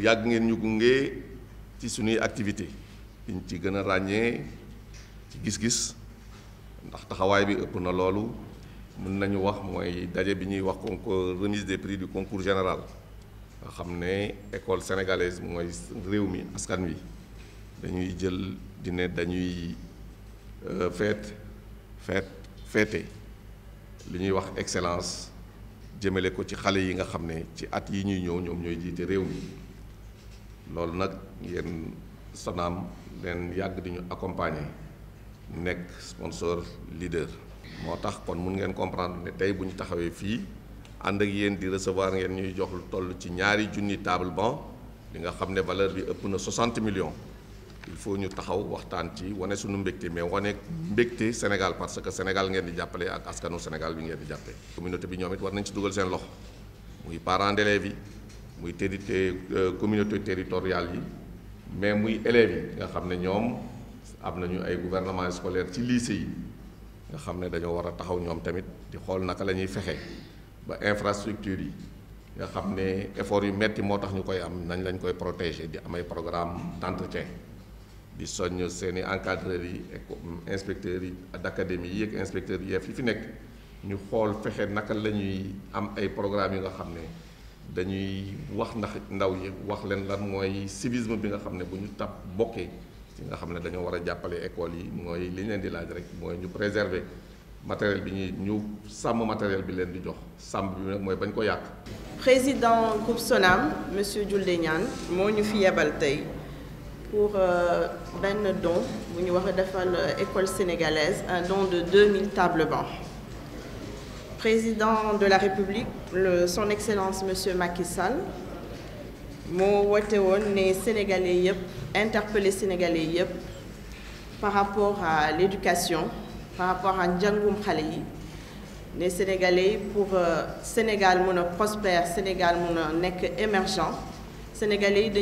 yag ngeen ñu gunge ci suñuy activité liñ ci gën a ràññee ci gis-gis ndax taxawaay bi ëpp na loolu mën nañu wax mooy daje bi ñuy wax concours remise des prix du concours général nga xam ne école sénégalaise mooy réew mi askan wi dañuy jël di ne dañuy feet feet feete li ñuy wax excellence jëmale ko ci xale yi nga xam ne ci at yi ñuy ñëw ñoom ñooy jiite réew mi loolu nag yéen Sonam leen yàgg di ñu accompagner nekk sponsor leader. moo tax kon mun ngeen comprendre ne tey bu ñu taxawee fii ànd ak yéen di recevoir ngeen ñuy jox lu toll ci ñaari junni table banc li nga xam ne valeur bi ëpp na 60 millions. il faut ñu taxaw waxtaan ci wane suñu mbégte mais wane mbégte Sénégal parce que Sénégal ngeen di jàppale ak askanu Sénégal bi ngeen di jàppale. communauté bi ñoom it war nañ ci dugal seen loxo muy parents d'élèves muy territé euh, communauté territoriale yi mais muy élèves yi nga xam ne ñoom am nañu ay gouvernement scolaire ci lycée yi nga xam ne dañoo war a taxaw ñoom tamit di xool naka la ñuy fexe ba infrastructure yi nga xam ne effort yu metti moo tax ñu koy am nañ lañ koy protéger di am ay programme d'entretien di soññ seeni encadreurs yi ak inspecteurs yi académie yi ak inspecteurs yi fi fi nekk ñu xool fexe naka la ñuy am ay programmes yi nga xam ne dañuy wax ndax ndaw yi wax leen lan mooy civisme bi nga xam ne bu ñu tàpp bokkee ci nga xam ne dañoo war a jàppale école yi mooy li ñu leen di laaj rek mooy ñu préserver matériel bi ñuy ñu sàmm matériel bi leen di jox sàmm bi nag mooy bañ ko yàq. président groupe Sonam monsieur Diouldé Niane moo ñu fi yebal tey pour euh, benn don bu ñu wax a defal euh, école sénégalaise un don de 2000 tables bancs président de la République son excellence monsieur Macky Sall sénégalais interpellé sénégalais par rapport à l'éducation par rapport à Ndjangoum xale les sénégalais pour euh, Sénégal soit prospère Sénégal mon émergent, émergent sénégalais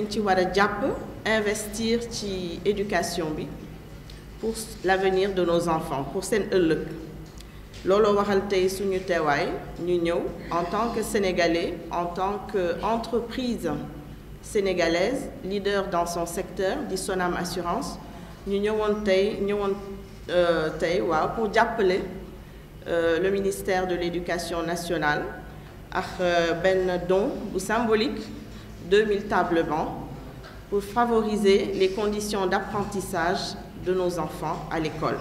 investir ci éducation pour l'avenir de nos enfants pour sen Lolo en tant que sénégalais en tant qu'entreprise sénégalaise leader dans son secteur d'ISONAM Assurance Nuno avons euh, pour appeler euh, le ministère de l'éducation nationale faire euh, un don symbolique symbolique 2000 tables vent pour favoriser les conditions d'apprentissage de nos enfants à l'école